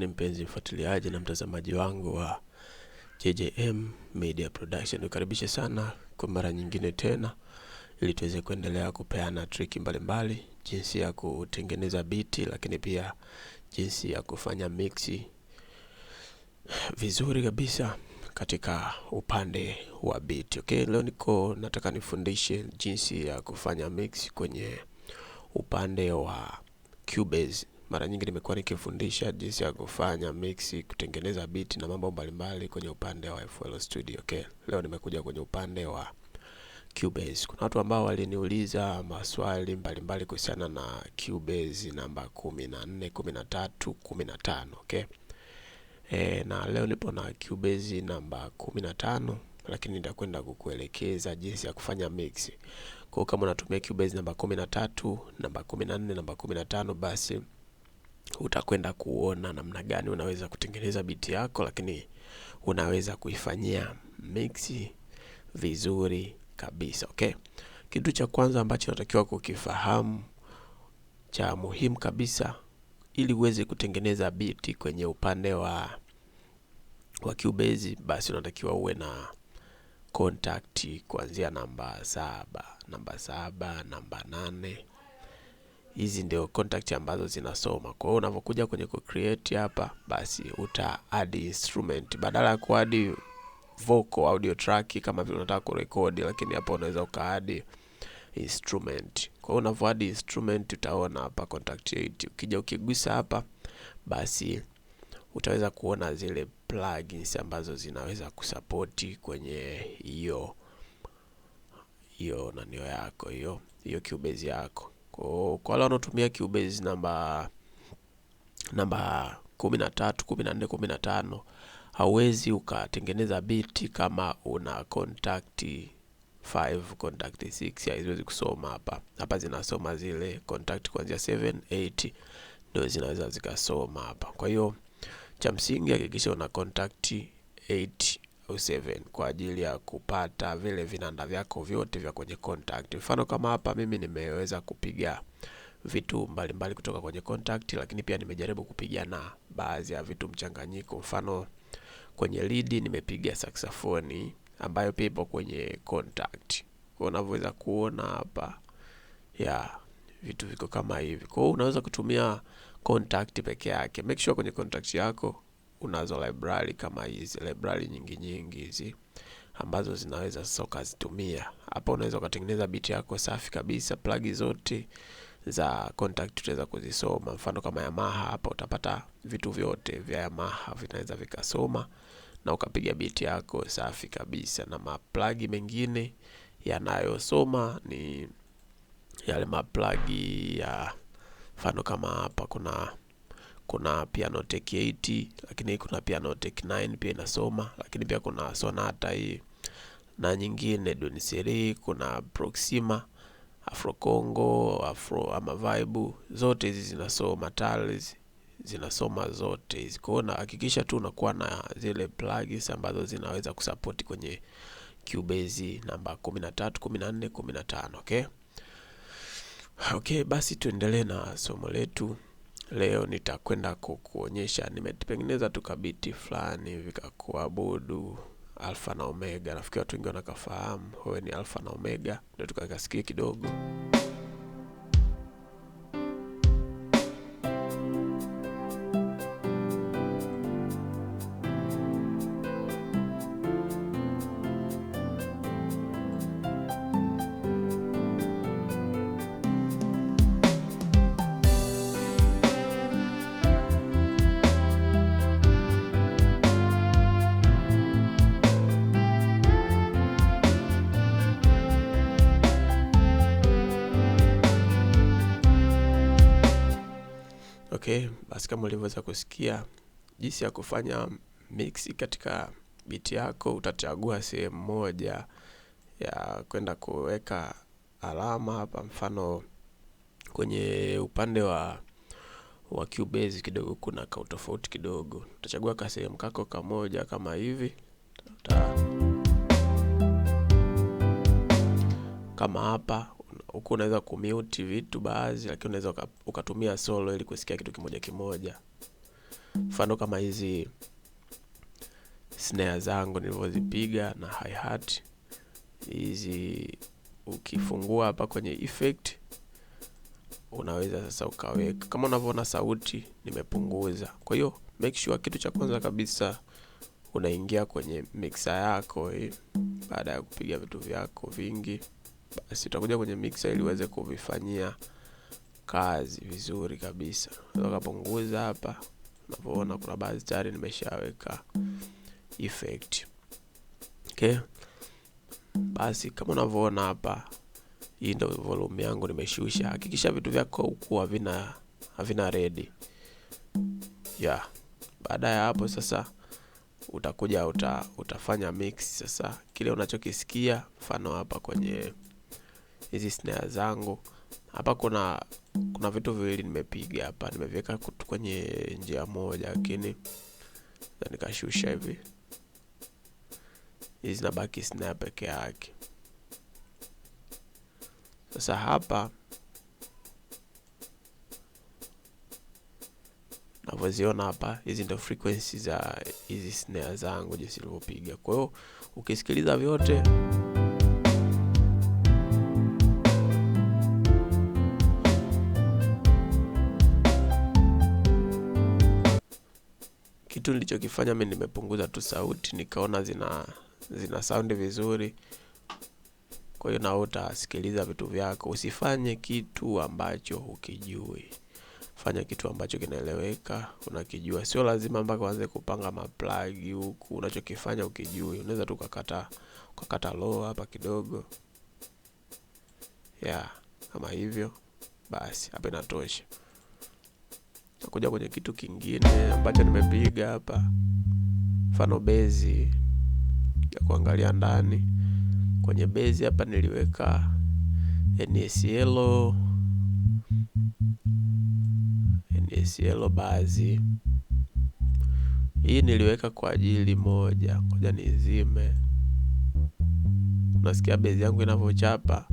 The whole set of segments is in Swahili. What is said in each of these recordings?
gani mpenzi mfuatiliaji na mtazamaji wangu wa JJM Media Production, ukaribishe sana kwa mara nyingine tena, ili tuweze kuendelea kupeana trick mbalimbali mbali, jinsi ya kutengeneza biti, lakini pia jinsi ya kufanya mixi vizuri kabisa katika upande wa biti. Okay, leo niko nataka nifundishe jinsi ya kufanya mix kwenye upande wa Cubase mara nyingi nimekuwa nikifundisha jinsi ya kufanya mix, kutengeneza beat na mambo mbalimbali kwenye upande wa FL Studio. Okay, leo nimekuja kwenye upande wa Cubase. Kuna watu ambao waliniuliza maswali mbalimbali kuhusiana na Cubase namba 14, 13, 15, okay? E, na leo nipo na Cubase namba 15 lakini nitakwenda kukuelekeza jinsi ya kufanya mix. Kwa kama unatumia Cubase namba 13, namba 14, namba 15 basi utakwenda kuona namna gani unaweza kutengeneza biti yako, lakini unaweza kuifanyia mixi vizuri kabisa okay. Kitu cha kwanza ambacho unatakiwa kukifahamu cha muhimu kabisa, ili uweze kutengeneza biti kwenye upande wa wa kiubezi, basi unatakiwa uwe na contact kuanzia namba saba, namba saba, namba nane hizi ndio contact ambazo zinasoma. Kwa hiyo unapokuja kwenye ku create hapa, basi uta add instrument badala ya ku add vocal audio track kama vile unataka kurekodi, lakini hapa unaweza uka add instrument. Kwa hiyo unapo add instrument utaona hapa contact 8. Ukija ukigusa hapa, basi utaweza kuona zile plugins ambazo zinaweza kusapoti kwenye hiyo hiyo nanio yako hiyo hiyo Cubase yako. Oh, kwa wale wanaotumia Cubase namba namba kumi na tatu, kumi na nne, kumi na tano hauwezi ukatengeneza biti kama una contact 5 contact 6 haziwezi kusoma hapa. Hapa zinasoma zile contact kuanzia 7 8 ndio zinaweza zikasoma hapa. Kwa hiyo cha msingi hakikisha una contact 8 kwa ajili ya kupata vile vinanda vyako vyote vya kwenye contact. Mfano kama hapa mimi nimeweza kupiga vitu mbalimbali mbali kutoka kwenye contact, lakini pia nimejaribu kupiga na baadhi ya vitu mchanganyiko. Mfano kwenye lead nimepiga saxofoni ambayo pia ipo kwenye contact. Kwa unavyoweza kuona hapa ya vitu viko kama hivi. Kwa hiyo unaweza kutumia contact peke yake. Make sure kwenye contact yako unazo library kama hizi, library nyingi nyingi hizi ambazo zinaweza sasa ukazitumia hapa Unaweza ukatengeneza biti yako safi kabisa, plagi zote za contact utaweza kuzisoma. Mfano kama Yamaha, hapa utapata vitu vyote vya Yamaha vinaweza vikasoma na ukapiga biti yako safi kabisa, na maplagi mengine yanayosoma ni yale maplagi ya mfano kama hapa kuna kuna piano tech 8 lakini kuna piano tech 9 pia inasoma, lakini pia kuna sonata hii na nyingine Donizery, kuna Proxima, Afro Congo, Afro ama vibe, zote hizi zinasoma tales zinasoma zote hizi. Kwa hiyo na hakikisha tu unakuwa na zile plugins ambazo zinaweza kusupport kwenye Cubase namba 13, 14, 15, okay? Okay, basi tuendelee na somo letu. Leo nitakwenda kukuonyesha nimetengeneza tu kabiti fulani vikakuabudu Alfa na Omega. Nafikiri watu wengi wanakafahamu, wewe ni Alfa na Omega, ndio tukakasikia kidogo. kusikia jinsi ya kufanya mix katika biti yako, utachagua sehemu moja ya kwenda kuweka alama hapa, mfano kwenye upande wa wa Cubase kidogo kuna ka tofauti kidogo, utachagua ka sehemu kako kamoja kama hivi Ta. kama hapa huku unaweza kumute vitu baadhi, lakini unaweza ukatumia solo ili kusikia kitu kimoja kimoja mfano kama hizi snare zangu nilivyozipiga na hi hat hizi, ukifungua hapa kwenye effect unaweza sasa ukaweka kama unavyoona, sauti nimepunguza. Kwa hiyo make sure, kitu cha kwanza kabisa unaingia kwenye mixer yako eh. Baada ya kupiga vitu vyako vingi, basi utakuja kwenye mixer ili uweze kuvifanyia kazi vizuri kabisa. ukapunguza hapa unavyoona kuna baadhi tayari nimeshaweka effect. Okay, basi kama unavyoona hapa, hii ndio volume yangu nimeshusha. Hakikisha vitu vyako huku havina havina redi ya yeah. Baada ya hapo sasa utakuja uta, utafanya mix sasa kile unachokisikia, mfano hapa kwenye hizi snare zangu hapa kuna kuna vitu viwili nimepiga hapa, nimeviweka kwenye njia moja, lakini na nikashusha hivi, hizi zinabaki snap peke yake. Sasa hapa navyoziona hapa, hizi ndio frequency za hizi snare zangu jinsi nilivyopiga. Kwa hiyo ukisikiliza vyote kitu nilichokifanya mi nimepunguza tu sauti, nikaona zina zina saundi vizuri. Kwa hiyo na utasikiliza vitu vyako, usifanye kitu ambacho hukijui. Fanya kitu ambacho kinaeleweka, unakijua. Sio lazima mpaka uanze kupanga maplagi huku, unachokifanya ukijui, unaweza tu ukakata ukakata low hapa kidogo, yeah, kama hivyo basi, hapa inatosha kuja kwenye kitu kingine ambacho nimepiga hapa, mfano bezi ya kuangalia ndani. Kwenye bezi hapa niliweka NSL NSL bazi hii niliweka kwa ajili moja. Ngoja nizime, unasikia bezi yangu inavyochapa.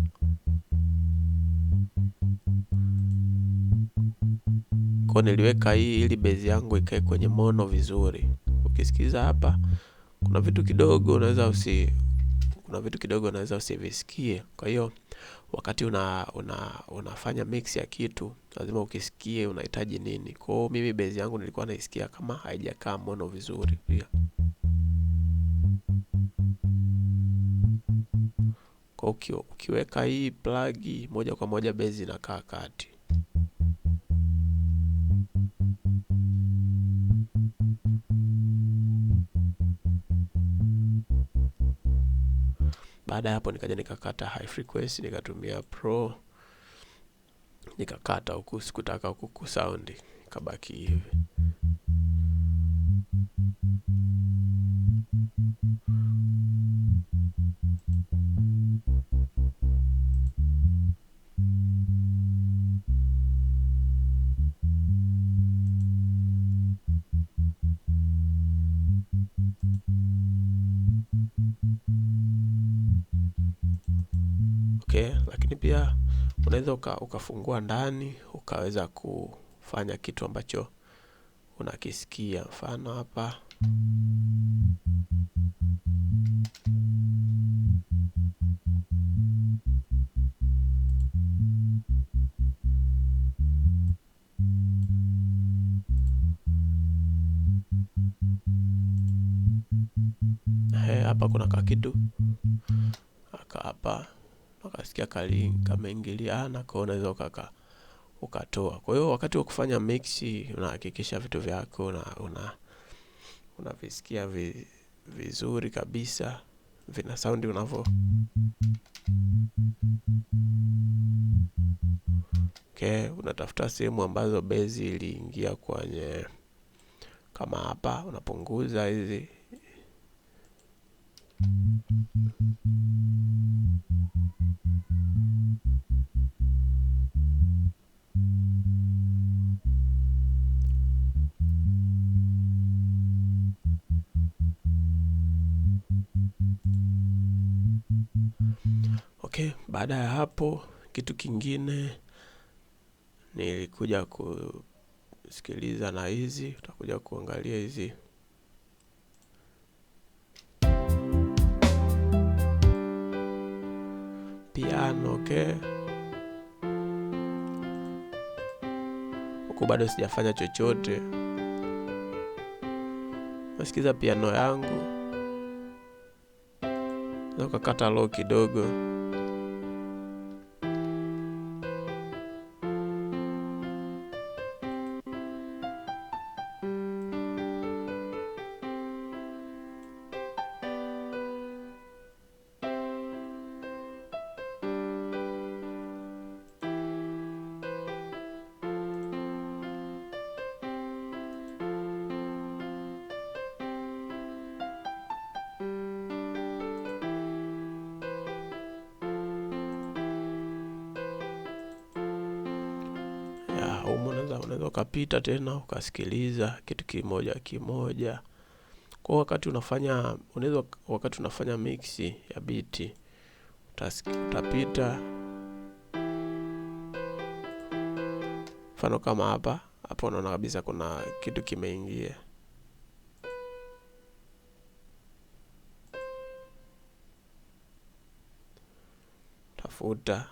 Kwa niliweka hii ili bezi yangu ikae kwenye mono vizuri. Ukisikiza hapa kuna vitu kidogo unaweza usi kuna vitu kidogo unaweza usivisikie. Kwa hiyo wakati una, una, unafanya mix ya kitu lazima ukisikie unahitaji nini. Kwa hiyo mimi bezi yangu nilikuwa naisikia kama haijakaa mono vizuri pia. Kwa hiyo ukiweka hii plagi moja kwa moja bezi inakaa kati. Baada ya hapo nikaja nikakata high frequency, nikatumia pro nikakata huku, sikutaka huku kusaundi, kabaki hivi. okay. lakini pia unaweza ukafungua ndani, ukaweza kufanya kitu ambacho unakisikia. Mfano hapa eh, hapa kuna kakitu aka hapa akasikia kali kameingilia na kaona unaweza ukaka ukatoa. Kwa hiyo wakati wa kufanya mix unahakikisha vitu vyako na una unavisikia vi, vizuri kabisa vina saundi unavyo Okay, unatafuta sehemu ambazo bezi iliingia kwenye, kama hapa unapunguza hizi Okay, baada ya hapo kitu kingine nilikuja kusikiliza na hizi, utakuja kuangalia hizi piano okay? Huku bado sijafanya chochote, nasikiza piano yangu na ukakata kidogo. ukapita tena ukasikiliza kitu kimoja kimoja. Kwa wakati unafanya unaweza wakati unafanya mix ya biti utapita, mfano kama hapa hapo, unaona kabisa kuna kitu kimeingia. Tafuta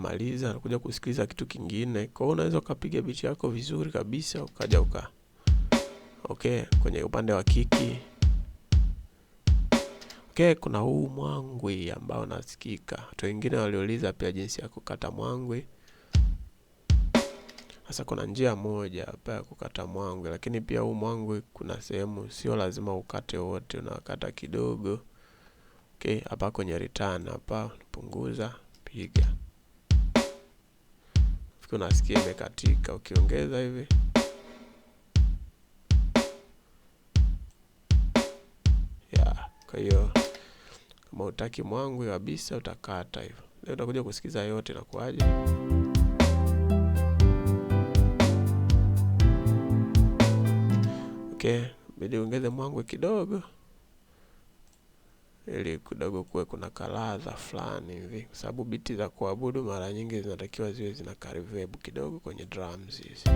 amemaliza anakuja kusikiliza kitu kingine. Kwa hiyo unaweza ukapiga biti yako vizuri kabisa ukaja uka okay, kwenye upande wa kiki okay, kuna huu mwangwi ambao nasikika. Watu wengine waliuliza pia jinsi ya kukata mwangwi. Sasa kuna njia moja hapa ya kukata mwangwi, lakini pia huu mwangwi kuna sehemu sio lazima ukate wote, unakata kidogo. Okay, hapa kwenye return hapa punguza, piga muziki unasikia imekatika, ukiongeza hivi yeah. Kwa hiyo kama utaki mwangu kabisa utakata hivyo, leo utakuja kusikiza yote na kuaje Okay, bidi ongeze mwangu kidogo ili kidogo kuwe kuna kalaza fulani hivi, kwa sababu biti za kuabudu mara nyingi zinatakiwa ziwe zina karivebu kidogo kwenye drums hizi.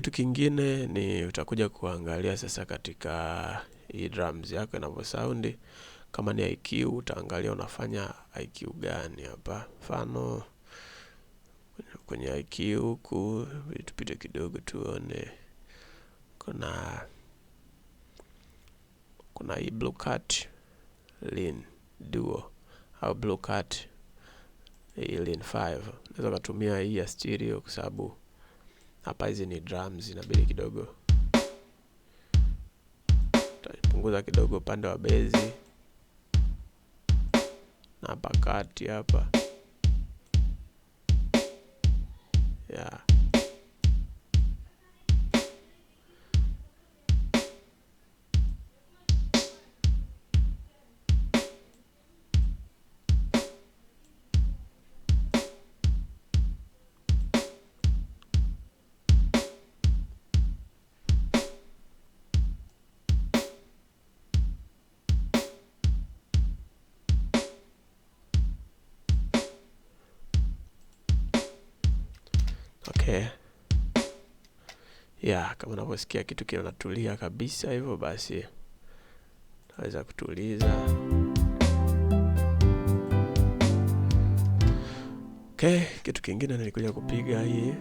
Kitu kingine ni utakuja kuangalia sasa katika hii drums yako inavyo sound. Kama ni IQ utaangalia unafanya IQ gani hapa. Mfano kwenye IQ huku tupite kidogo tuone kuna kuna hii Blue cut Lean Duo au Blue cut Lean 5 unaweza kutumia hii ya stereo kwa sababu hapa hizi ni drums, inabidi kidogo tutapunguza kidogo upande wa bezi na hapa kati hapa yeah. Okay. Yeah, kama unavyosikia kitu kinatulia kabisa hivyo, basi naweza kutuliza. Okay, kitu kingine nilikuja kupiga hii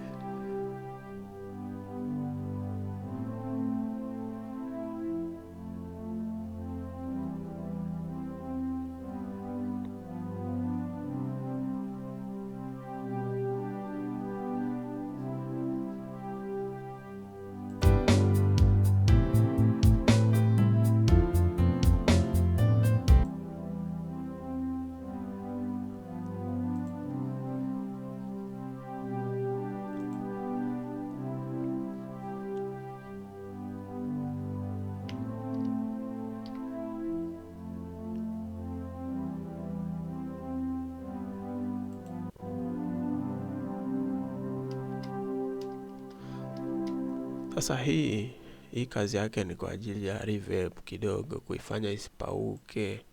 Sasa hii hii kazi yake ni kwa ajili ya revamp kidogo, kuifanya isipauke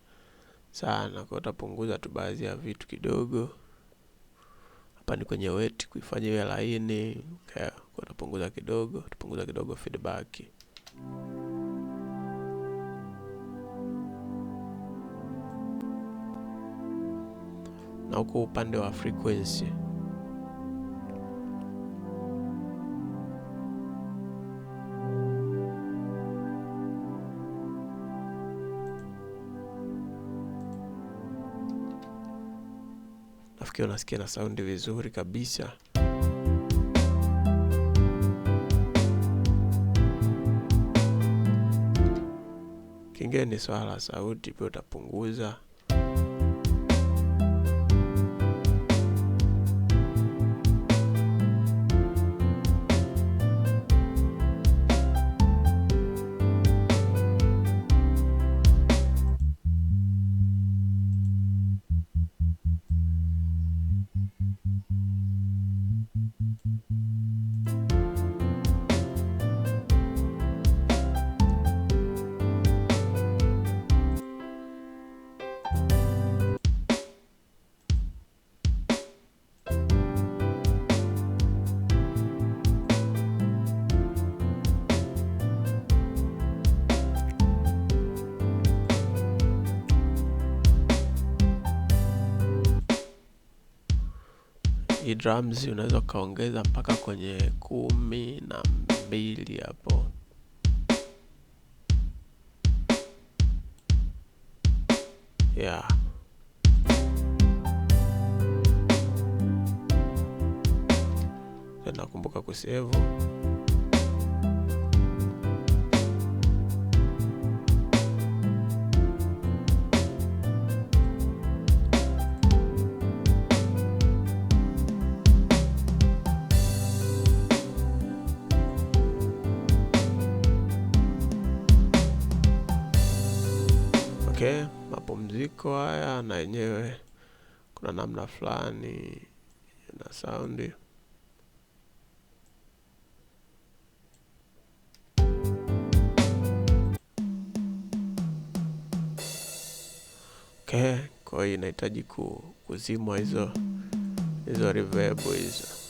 sana, kwa utapunguza tu baadhi ya vitu kidogo. Hapa ni kwenye wet, kuifanya iwe laini, okay. Kwa utapunguza kidogo, tupunguza kidogo feedback. Na huko upande wa frequency ukiwa unasikia na saundi vizuri kabisa. Kingine ni swala la sauti, pia utapunguza drums unaweza ukaongeza mpaka kwenye kumi na mbili hapo. Yeah. Nakumbuka kusevu. mapumziko haya na yenyewe kuna namna fulani na saundi okay. Kwa hiyo inahitaji kuzimwa hizo hizo reverb hizo.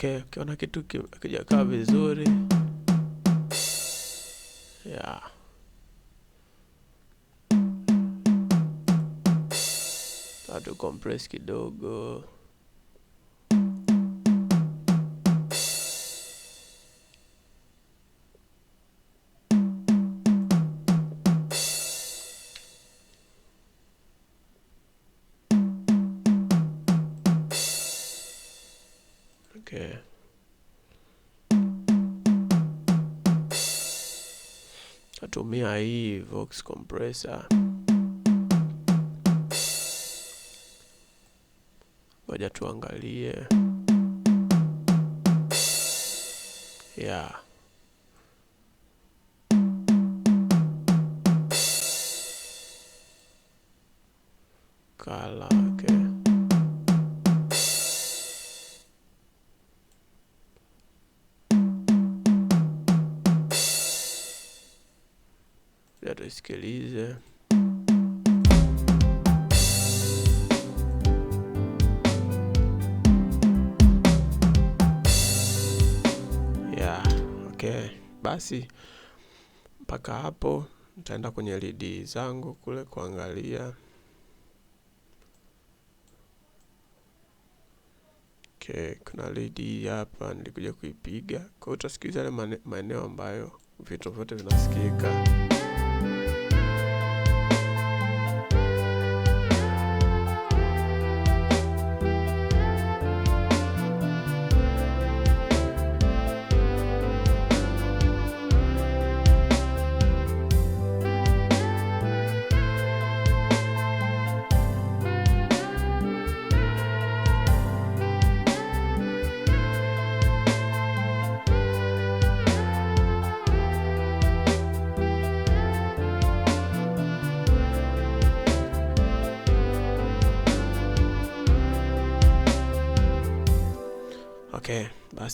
okay, ukiona kitu kijakaa vizuri yeah. Tatu compress kidogo Vox Compressor. Ngoja tuangalie. Yeah. Kalake. Okay. usikilize. Yeah, okay. Basi mpaka hapo nitaenda kwenye lidi zangu kule kuangalia. Okay, kuna lidi hapa nilikuja kuipiga. Kwa hiyo utasikiliza yale maeneo ambayo vitu vyote vinasikika.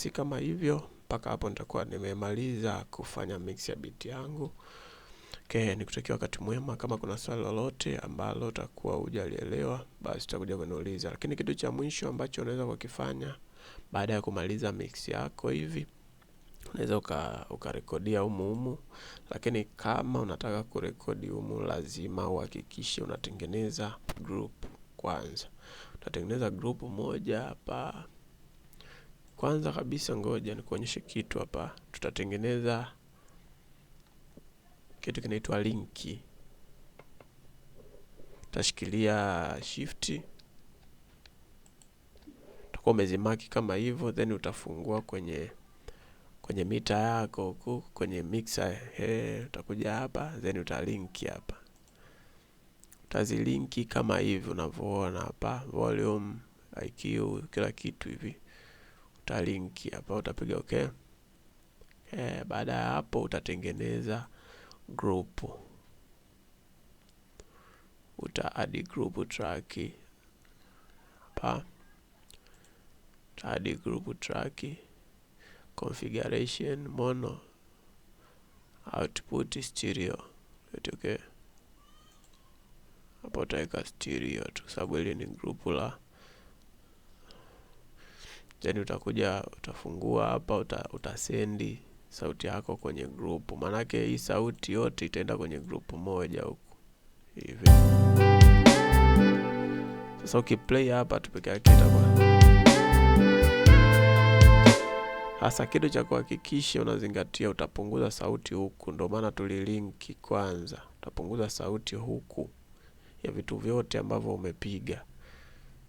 basi kama hivyo, mpaka hapo nitakuwa nimemaliza kufanya mix ya beat yangu. Okay, nikutakia wakati mwema. Kama kuna swali lolote ambalo utakuwa hujalielewa, basi utakuja kuniuliza. Lakini kitu cha mwisho ambacho unaweza kukifanya baada ya kumaliza mix yako hivi unaweza ukarekodia uka humu humu, lakini kama unataka kurekodi humu, lazima uhakikishe unatengeneza group kwanza. Utatengeneza group moja hapa kwanza kabisa ngoja nikuonyeshe kitu hapa. Tutatengeneza kitu kinaitwa linki. Utashikilia shift, utakuwa umezimaki kama hivyo, then utafungua kwenye kwenye mita yako huku kwenye mixer he, eh, utakuja hapa then utalinki hapa, utazilinki kama hivi unavyoona hapa, volume IQ kila kitu hivi utafuta utalinki hapa, utapiga okay. E, baada ya hapo utatengeneza group, uta add group track hapa, add group track configuration mono output stereo yote okay. Hapo utaweka stereo tu sababu ile ni group la then yaani utakuja utafungua hapa uta, utasendi sauti yako kwenye grupu, maanake hii sauti yote itaenda kwenye grupu moja huku hivi. Sasa ukiplay hapa tu yake itakuwa hasa. Kitu cha kuhakikisha unazingatia, utapunguza sauti huku, ndio maana tulilinki kwanza. Utapunguza sauti huku ya vitu vyote ambavyo umepiga.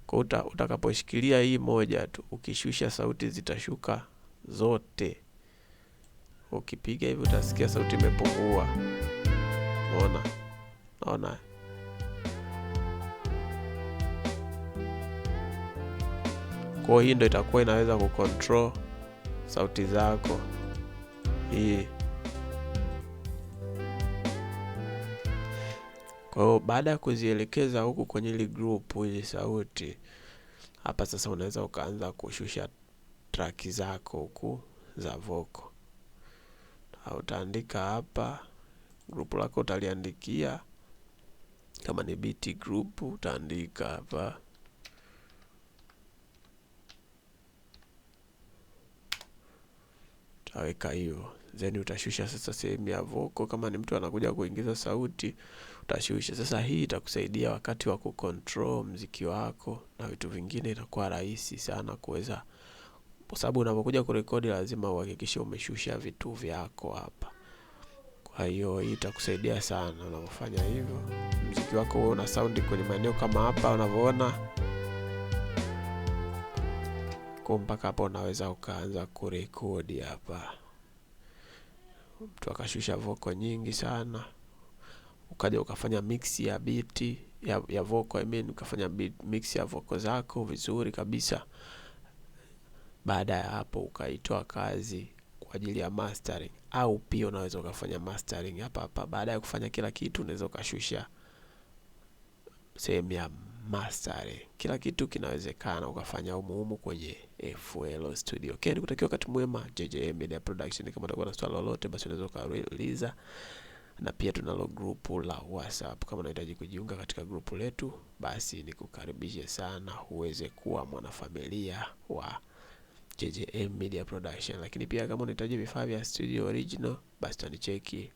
Kwa utakaposhikilia hii moja tu ukishusha sauti zitashuka zote. Ukipiga hivi utasikia sauti imepungua. Unaona? naona Kwa hii ndo itakuwa inaweza kucontrol sauti zako hii Kwa hiyo baada ya kuzielekeza huku kwenye ile group ile sauti, hapa sasa unaweza ukaanza kushusha traki zako huku za voko. Utaandika hapa group lako utaliandikia, kama ni beat group utaandika hapa utaweka hiyo, then utashusha sasa sehemu ya voko. Kama ni mtu anakuja kuingiza sauti tashwishi. Sasa hii itakusaidia wakati wa kucontrol mziki wako na vitu vingine, itakuwa rahisi sana kuweza, kwa sababu unapokuja kurekodi lazima uhakikishe umeshusha vitu vyako hapa. Kwa hiyo hii itakusaidia sana unapofanya hivyo, mziki wako una saundi kwenye maeneo kama hapa unavyoona kwa mpaka hapa unaweza ukaanza kurekodi hapa, mtu akashusha voko nyingi sana ukaja ukafanya mix ya biti ya, ya vocal I mean, ukafanya beat, mix ya vocal zako vizuri kabisa. Baada ya hapo ukaitoa kazi kwa ajili ya mastering, au pia unaweza ukafanya mastering hapa hapa. Baada ya kufanya kila kitu, unaweza ukashusha sehemu ya mastering. Kila kitu kinawezekana ukafanya humu humu kwenye FL Studio. Okay, nikutakia wakati mwema. JJM Media Production. Kama utakuwa na swali lolote, basi unaweza ukauliza na pia tunalo grupu la WhatsApp. Kama unahitaji kujiunga katika grupu letu, basi nikukaribishe sana uweze kuwa mwanafamilia wa JJM Media Production. Lakini pia kama unahitaji vifaa vya studio original, basi tanicheki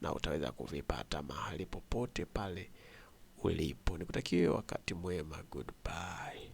na utaweza kuvipata mahali popote pale ulipo. Nikutakie wakati mwema, goodbye.